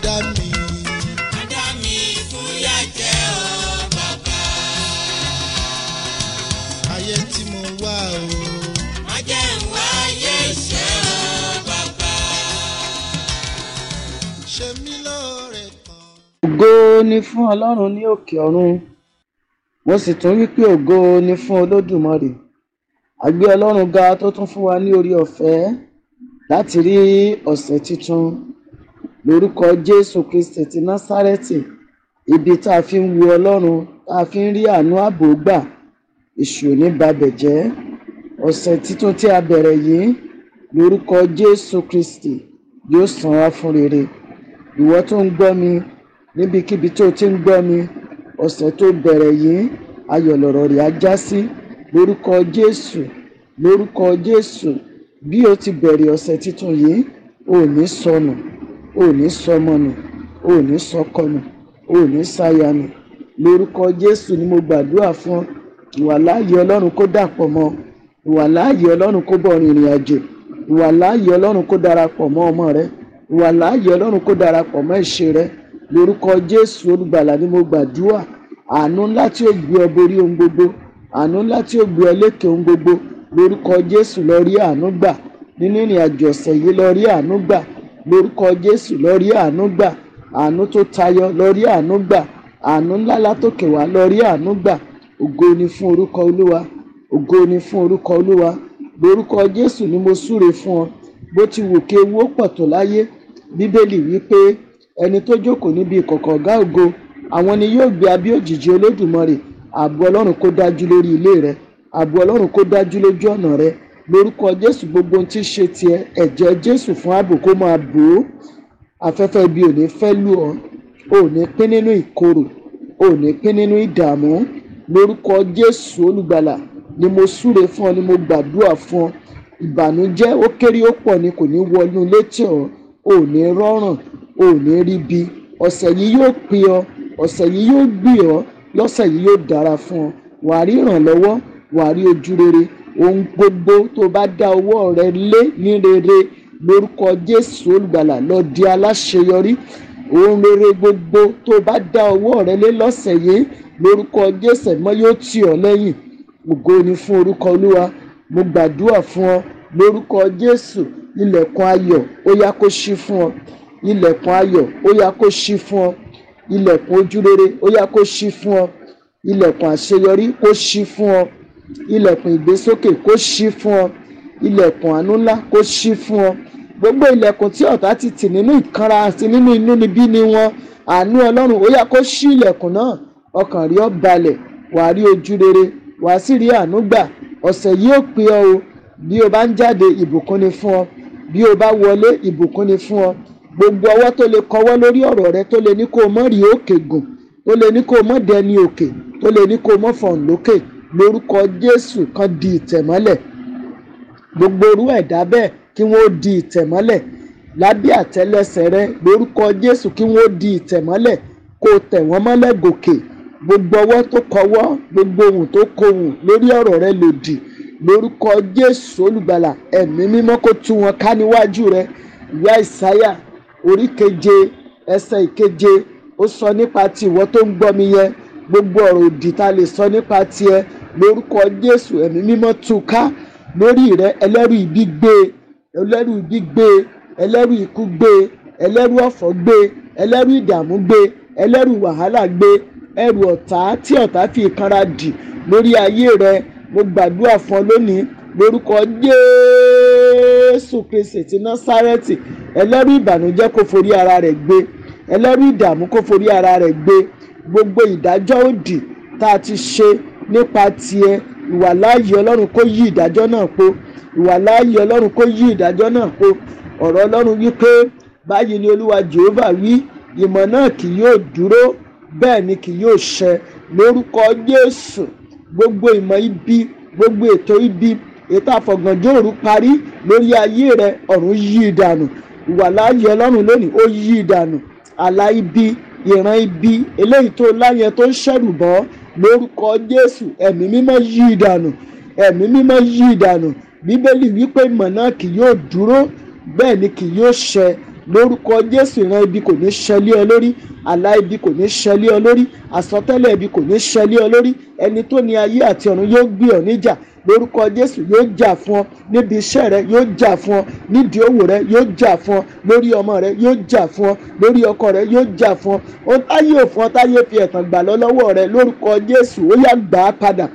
dá mi. Adá mi mo wá o. Má jẹ́ ń wá ayé iṣẹ́ ọ bàbá. Ṣé mi lóore kan. Ògo ni fún Ọlọ́run ní òkè ọ̀run. Mo sì tún wí pé ògo ni fún Olódùmarè. A Ọlọ́run ga tó tún fún wa ní orí ọ̀fẹ́ láti rí ọ̀sẹ̀ tuntun lórúkọ jésù kristi ti násárẹ́tì ibi tá a fi ń wo ọlọ́run tá a fi ń rí àánú ààbò gbà èṣù ò ní babẹ̀ jẹ́ ọ̀sẹ̀ títún tí a bẹ̀rẹ̀ yìí lórúkọ jésù kristi yóò san wá fún rere ìwọ tó ń gbọ́ mi níbikíbi tó ti ń gbọ́ mi ọ̀sẹ̀ tó bẹ̀rẹ̀ yìí ayọ̀ lọ̀rọ̀ rẹ̀ á já sí lórúkọ jésù lórúkọ jésù bí o ti bẹ̀rẹ̀ ọ̀sẹ̀ títún yìí ò ní sọnù ò ní sọmọ nù ò ní sọkọ nù ò lórúkọ jésù ni mo gbàdúrà fún ìwà láàyè ọlọ́run kó dàpọ̀ mọ́ ìwà láàyè ọlọ́run kó bọ̀ rìnrìn àjò ìwà láàyè ọlọ́run kó darapọ̀ mọ́ ọmọ rẹ ìwà láàyè ọlọ́run kó darapọ̀ mọ́ ìṣe rẹ lórúkọ jésù olùgbàlà ni mo gbàdúrà àánú ńlá tí ó gbé ọ borí ohun gbogbo àánú ńlá tí ó gbé ọ lékè ohun gbogbo lórúkọ jésù lọ rí àánú gbà nínú ìrìn àjò ọ̀sẹ̀ yìí lọ rí àánú gbà lórúkọ jésù lọ rí àánú gbà àánú tó tayọ lọ rí àánú gbà àánú ńlá látòkè wá lọ rí àánú gbà ògo ni fún orúkọ olúwa ògo ni fún orúkọ olúwa lórúkọ jésù ni mo súre fún ọ bó ti wù kí ewu ó pọ̀ tó láyé bíbélì wípé ẹni tó jókòó níbi ìkọ̀kọ̀ ọ̀gá ògo àwọn ni yóò gbé abí òjìji olódùmarè ààbò ọlọ́run kó dájú lórí ilé rẹ ààbò ọlọ́run kó dájú lójú ọ̀nà rẹ lórúkọ jésù gbogbo ohun tí ń ṣe tiẹ ẹ̀jẹ̀ jésù fún ààbò kó máa bò ó afẹ́fẹ́ ibi ò ní fẹ́ lù ọ́ ò ní pín nínú ìkorò ò ní pín nínú ìdààmú lórúkọ jésù olùgbàlà ni mo súre fún ọ ni mo gbàdúrà fún ọ ìbànújẹ́ ó kéré ó pọ̀ ni kò ní wọnú létí ọ ò ní rọrùn ò ní ríbi ọ̀sẹ̀ yìí yóò pín ọ ọ̀sẹ̀ yìí yóò gbì ọ lọ́sẹ̀ yìí yóò dára fún ọ wàá rí ìrànlọ́wọ́ wàá rí ojú rere ohun gbogbo tó bá dá ọwọ́ rẹ lé ní rere lórúkọ Jésù olùgbàlà lọ di aláṣeyọrí ohun rere gbogbo tó bá dá ọwọ́ rẹ lé lọ́sẹ̀ yìí lórúkọ Jésù mọ́ yóò tì ọ́ lẹ́yìn ògo ni fún orúkọ Olúwa mo gbàdúrà fún ọ lórúkọ Jésù ilẹ̀kùn ayọ̀ ó yá kó ṣí fún ọ ilẹ̀kùn ayọ̀ ó yá kó ṣí fún ọ ilẹ̀kùn ojúrere ó yá kó ṣí fún ọ ilẹ̀kùn àṣeyọrí kó ṣí fún ọ ilẹ̀kùn ìgbésókè kó ṣí fún ọ ilẹ̀kùn àánú ńlá kó ṣí fún ọ gbogbo ilẹ̀kùn tí ọ̀tá ti tì nínú ìkanra àti nínú inú níbí ni wọn àánú ọlọ́run ó yá kó ṣí ilẹ̀kùn náà ọkàn rí ọ balẹ̀ wàá rí ojú rere wàá sì rí àánú gbà ọ̀sẹ̀ yìí ó pè ọ o bí o bá ń jáde ìbùkún ni fún ọ bí o bá wọlé ìbùkún ni fún ọ gbogbo ọwọ́ tó lè kọwọ́ lórí ọ̀rọ̀ rẹ tó lè ní kó o mọ́ rí òkè gùn tó lè ní kó o mọ́ dẹni òkè tó lè ní kó o mọ́ fọ̀n lókè lórúkọ Jésù kan di ìtẹ̀mọ́lẹ̀ gbogbo orú ẹ̀dá bẹ́ẹ̀ kí wọ́n ó di ìtẹ̀mọ́lẹ̀ lábẹ́ àtẹ́lẹsẹ̀ rẹ lórúkọ Jésù kí wọ́n ó di ìtẹ̀mọ́lẹ̀ kó o tẹ̀ wọ́n mọ́lẹ̀ gòkè gbogbo ọwọ́ tó kọwọ́ gbogbo ohùn tó kohùn lórí ọ̀rọ̀ rẹ lòdì lórúkọ Jésù olùgbàlà ẹ̀mí mímọ́ kó tú wọn ká níwájú rẹ ìyá Ìsáyà orí keje ẹsẹ̀ ìkeje ó sọ nípa ti ìwọ tó ń gbọ́ mi yẹ gbogbo ọ̀rọ̀ òdì ta lè sọ nípa tiẹ̀ lórúkọ jésù ẹ̀mí mímọ́ tú ká lórí rẹ ẹlẹ́rù ibi gbé ẹlẹ́rù ibi gbé ẹlẹ́rù ikú gbé ẹlẹ́rù ọ̀fọ̀ gbé ẹlẹ́rù ìdààmú gbé ẹlẹ́rù wàhálà gbé ẹrù ọ̀tá tí ọ̀tá fi kanra dì lórí ayé rẹ mo gbàdúrà fún ọ lónìí lórúkọ jésù kristi ti násárẹ́tì ẹlẹ́rù ìbànújẹ́ kò forí ara rẹ̀ gbé ẹlẹ́rù ìdààmú kò forí ara rẹ̀ gbé gbogbo ìdájọ́ òdì tá a ti ṣe nípa tiẹ̀ ìwàláàyè ọlọ́run kó yí ìdájọ́ náà po ìwàláàyè ọlọ́run kó yí ìdájọ́ náà po ọ̀rọ̀ ọlọ́run wípé báyìí ni olúwa jehova wí ìmọ̀ náà kì yóò dúró bẹ́ẹ̀ ni kì yóò ṣẹ lórúkọ jésù gbogbo ìmọ̀ ibi gbogbo ètò ibi ètò àfọ̀gànjọ́ òru parí lórí ayé rẹ ọ̀run yí ìdànù ọlọ́run lónìí ó yí ìdànù ibi ìran ibi eléyìí tó láyẹn tó ń bọ́ lórúkọ jésù ẹ̀mí mímọ́ yí ìdànù ẹ̀mí mímọ́ yí ìdànù bíbélì wípé ìmọ̀ náà kì yóò dúró bẹ́ẹ̀ ni kì yóò ṣẹ lórúkọ jésù ìran ibi kò ní ṣẹlẹ̀ ọ lórí àlá ibi kò ní ṣẹlẹ̀ ọ lórí àsọtẹ́lẹ̀ ibi kò ní ṣẹlẹ̀ ọ lórí ẹni tó ní ayé àti ọ̀run yóò gbé ọ níjà lórúkọ jésù yóò jà fún ọ níbi iṣẹ́ rẹ yóò jà fún ọ nídìí òwò rẹ yóò jà fún ọ lórí ọmọ rẹ yóò jà fún ọ lórí ọkọ rẹ yóò jà fún ọ táyé òfin ọ táyé fi ẹ̀tàn gbà lọ́wọ́ rẹ lórúkọ jésù ó yá gbà á padà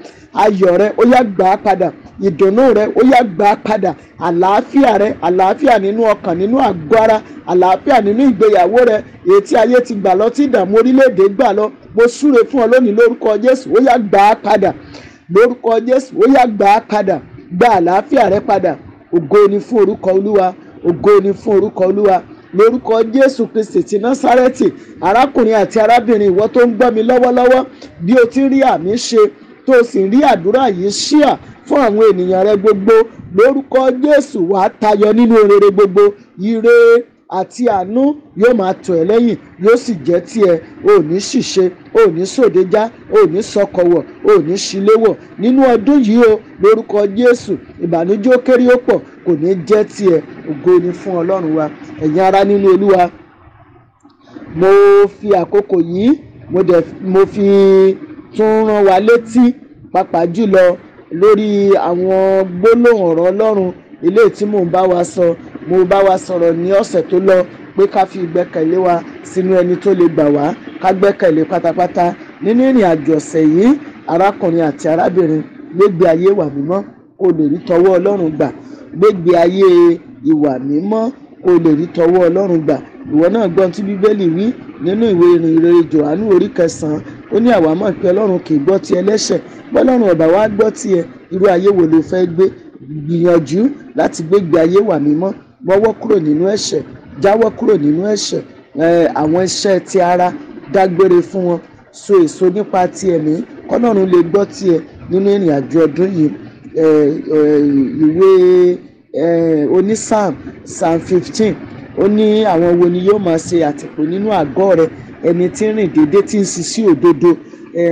ayọ̀ rẹ ó yá gbà á padà ìdùnnú rẹ ó yá gbà á padà àlàáfíà rẹ àlàáfíà nínú ọkàn nínú àgọ́ ara àlàáfíà nínú ìgbéyàwó rẹ èyí ayé ti gbà lọ tí ìdààmú orílẹ̀ lórúkọ jésù ó yá gbà á padà gba àlàáfíà rẹ padà ògo ni fún orúkọ olúwa ògo ni fún orúkọ olúwa lórúkọ jésù kristi ti násárẹ́tì arákùnrin àti arábìnrin ìwọ tó ń gbọ́ mi lọ́wọ́lọ́wọ́ bí o ti rí àmì ṣe tó o sì rí àdúrà yìí ṣíà fún àwọn ènìyàn rẹ gbogbo lórúkọ jésù wàá tayọ nínú rere gbogbo ire àti àánú yóò máa tọ̀ ẹ́ lẹ́yìn yóò sì jẹ́ tiẹ̀ ò ṣìṣe ò ní sòdejá ò ní sọkọ̀wọ̀ ò ní ṣiléwọ̀ nínú ọdún yìí o lórúkọ Jésù ìbànújẹ́ ó kéré ó pọ̀ kò ní jẹ́ tiẹ̀ ògo ni fún Ọlọ́run wa ẹ̀yin ará nínú Olúwa mo fi àkókò yìí mo dẹ̀ mo fi tún rán wa létí pàápàá jùlọ lórí àwọn gbólóhùn ọ̀rọ̀ Ọlọ́run eléyìí tí mò ń bá wa sọ mo bá wa sọ̀rọ̀ ní ọ̀sẹ̀ tó lọ pé ká fi ìgbẹ́kẹ̀lé wa sínú ẹni tó lè gbà wá ká gbẹ́kẹ̀lé pátápátá nínú ìrìn àjò ọ̀sẹ̀ yìí arákùnrin àti arábìnrin gbégbé ayé ìwà mímọ́ kó lè rí tọwọ́ ọlọ́run gbà gbégbé ayé ìwà mímọ́ kó lè rí tọwọ́ ọlọ́run gbà ìwọ náà gbọ́n tí bíbélì wí nínú ìwé ìrìnrere johannu orí kẹsàn-án ó ní àwa mọ̀ pé ọlọ́run kì í gbọ́ ti ẹlẹ́ṣẹ̀ bọ́lọ́run ọ̀bà wa gbọ́ ti irú ayé wo ló fẹ́ gbé gbìyànjú láti gbégbé ayé wà mímọ́ gbọ́wọ́ kúrò nínú ẹ̀ṣẹ̀ jáwọ́ kúrò nínú ẹ̀ṣẹ̀ àwọn iṣẹ́ ti ara dágbére fún wọn so èso nípa ti ẹ̀mí kọ́nọ̀run lè gbọ́ tiẹ̀ nínú ìrìn àjò ọdún yìí ìwé onísàm psalm fifteen ó ní àwọn wo ni yóò máa ṣe àtìpó nínú àgọ́ rẹ ẹni tí ń rìn déédéé tí ń ṣiṣẹ́ òdodo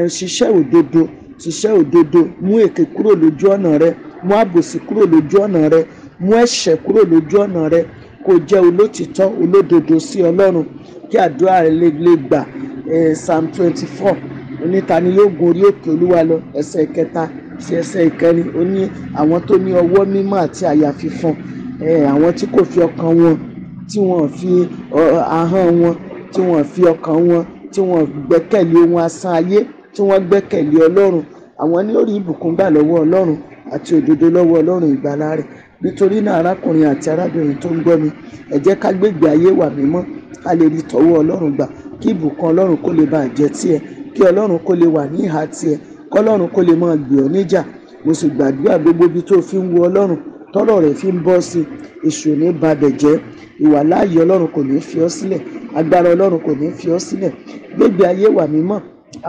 ṣiṣẹ́ òdodo ṣiṣẹ́ òdodo mú èké kúrò lójú ọ̀nà rẹ mú àbòsí kúrò lójú ọ̀nà rẹ mú ẹ̀ṣẹ̀ kúrò lójú ọ̀nà rẹ kó jẹ́ olótìtọ́ olódodo sí ọlọ́run kí àdúrà rẹ lè gbà psalm twenty four oníta ni yóò gun orí òkè olúwa lọ ẹsẹ̀ kẹta sí ẹsẹ̀ ìkẹrin ó ní àwọn tó ní ọwọ́ mímọ́ àti àyà fífọn àwọn tí kò fi ọkàn wọn tí wọ́n fi ahọ́n wọn tí wọ́n fi ọkàn wọn tí wọ́n gbẹ́kẹ̀lé ohun asán ayé tí wọ́n gbẹ́kẹ̀lé ọlọ́run àwọn ní ó rí gbà lọ́wọ́ ọlọ́run àti òdodo lọ́wọ́ ọlọ́run ìgbàlà rẹ̀ nítorí náà arákùnrin àti arábìnrin tó ń gbọ́ mi ẹ jẹ́ ká gbégbé ayé wa mímọ́ ká lè rí tọ́wọ́ ọlọ́run gbà kí ìbùkún ọlọ́run kó lè bá jẹ́ tiẹ̀ kí ọlọ́run kó lè wà ní ìhà tiẹ̀ kọ́lọ́run kó lè máa gbé ọ níjà mo sì gbàdúrà gbogbo ibi tó fi ń wo ọlọ́run tọ́rọ̀ rẹ̀ fi ń bọ́ sí èṣù ní babẹ̀ jẹ́ ìwà láàyè ọlọ́run kò ní fi ọ́ sílẹ̀ agbára ọlọ́run kò ní fi ọ́ sílẹ̀ gbégbé ayé wà mímọ́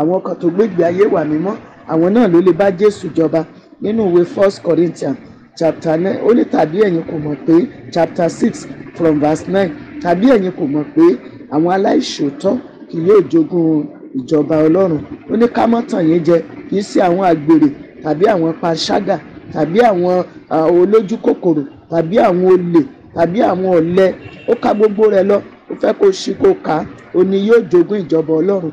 àwọn kan tó gbégbé ayé wà mímọ́ àwọn náà ló lè bá jésù jọba nínú ìwé first corinthians chapter nine ó ní tàbí ẹ̀yin kò mọ̀ pé chapter six from verse nine tàbí ẹ̀yin kò mọ̀ pé àwọn aláìṣòótọ́ kì yóò jogún ìjọba ọlọ́run ó ní ká má tàn yín jẹ kì í sí àwọn àgbèrè tàbí àwọn panṣágà tàbí àwọn olójú kòkòrò tàbí àwọn olè tàbí àwọn ọ̀lẹ ó ka gbogbo rẹ̀ lọ ó fẹ́ kó ṣí kó kà á ó ní yóò jogún ìjọba ọlọ́run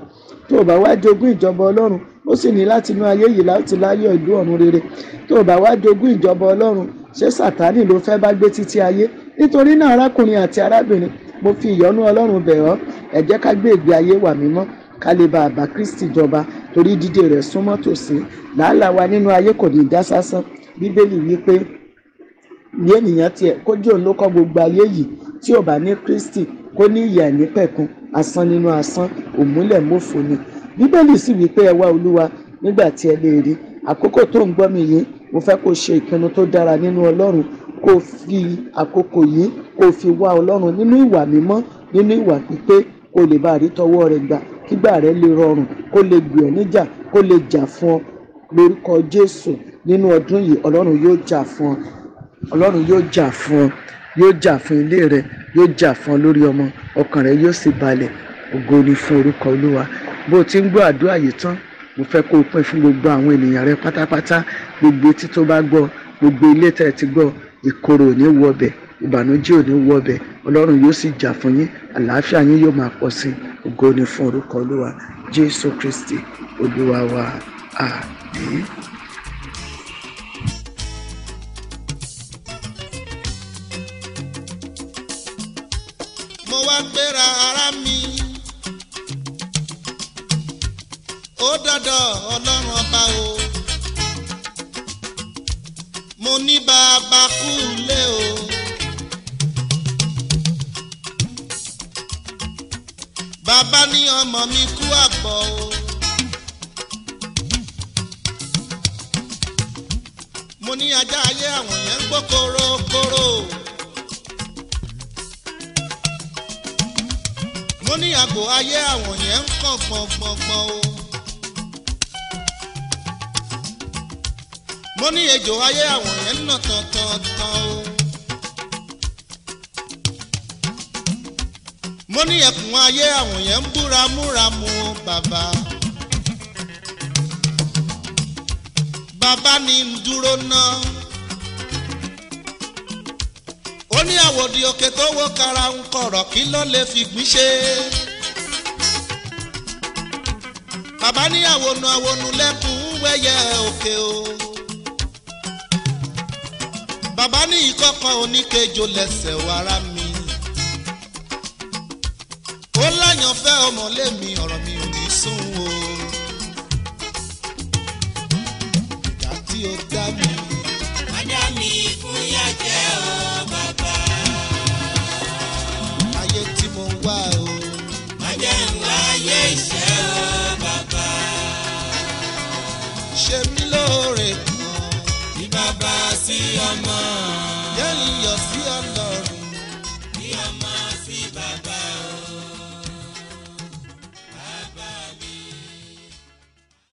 tó o bá wá jogún ìjọba ọlọ́run ó sì ní láti inú ayé yìí láti láyọ̀ ìlú ọ̀run rere tó o bá wá jogún ìjọba ọlọ́run ṣé sátánì ló fẹ́ bá gbé títí ayé nítorí náà arákùnrin àti arábìnrin mo fi ìyọ́nú ọlọ́run bẹ̀ ọ́ ẹ jẹ́ ká gbé ìgbé ayé wa mímọ́ ká lè bá àbá kristi jọba torí dídé rẹ̀ súnmọ́ tòsí làálàá wa nínú ayé kò ní dá sásán bíbélì wípé bí ènìyàn tiẹ̀ kójú òun ló kọ́ gbogbo ayé yìí tí ò bá ní kristi kó ní ìyà ní asán nínú asán òmúlẹ̀mófo ni bíbélì sì wí pé ẹ wá olúwa nígbà tí ẹ lè rí àkókò tó ń gbọ́ mi yìí mo fẹ́ kó ṣe ìpinnu tó dára nínú ọlọ́run kó fi àkókò yìí kó fi wá ọlọ́run nínú ìwà mímọ́ nínú ìwà pípé kó lè bá rí tọwọ́ rẹ̀ gbà kígbà rẹ̀ lè rọrùn kó lè gbè ọ́ níjà kó lè jà fún ọ lórúkọ jésù nínú ọdún yìí ọlọ́run yóò jà fún ọ ọlọ́run yóò jà fún ọ yóò jà fún ilé rẹ yóò jà fún ọ lórí ọmọ ọkàn rẹ yóò sì balẹ̀ ògo ni fún orúkọ olúwa bó o ti ń gbọ́ àdúrà yìí tán mo fẹ́ kó o pín fún gbogbo àwọn ènìyàn rẹ pátápátá gbogbo etí tó bá gbọ́ gbogbo ilé tẹ́ ẹ ti gbọ́ ìkorò ò ní wọ ọbẹ̀ ìbànújẹ́ ò ní wọ ọbẹ̀ ọlọ́run yóò sì jà fún yín àlàáfíà yín yóò máa pọ̀ sí ògo ni fún orúkọ olúwa jésù kristi olúwa wa àmín. mo wá gbéra ara mi. ó dọ̀dọ̀ ọlọ́run ọba o. mo ní bàbá kú lé o. bàbá ní ọmọ mi kú àbọ̀ o. mo ní ajá ayé àwọn yẹn ń gbó korokoro. koro. ó ní àgbo ayé àwọn yẹn ń kọ́ gbọ̀ngbọ̀ngbọ̀n o. mo ní ejò ayé àwọn yẹn ń nà tọ̀tọ̀tàn o. mo ní ẹkùn ayé àwọn yẹn ń búramúramù o bàbá. bàbá ni ń dúró náà ó ní àwòdì òkè tó wó kara ń kọ̀rọ̀ kí ló lè fi gbín ṣe. bàbá ní àwònú àwònú lẹ́kùn wẹ́yẹ òkè o. bàbá ní ìkọ̀kan oníkejò lẹ́sẹ̀ wàrà mi. ó láyànfẹ́ ọmọlémi ọ̀rọ̀ mi ò ní sùn o. ìjà tí ó dá mi. ó dá mi fún yàjẹ́ o.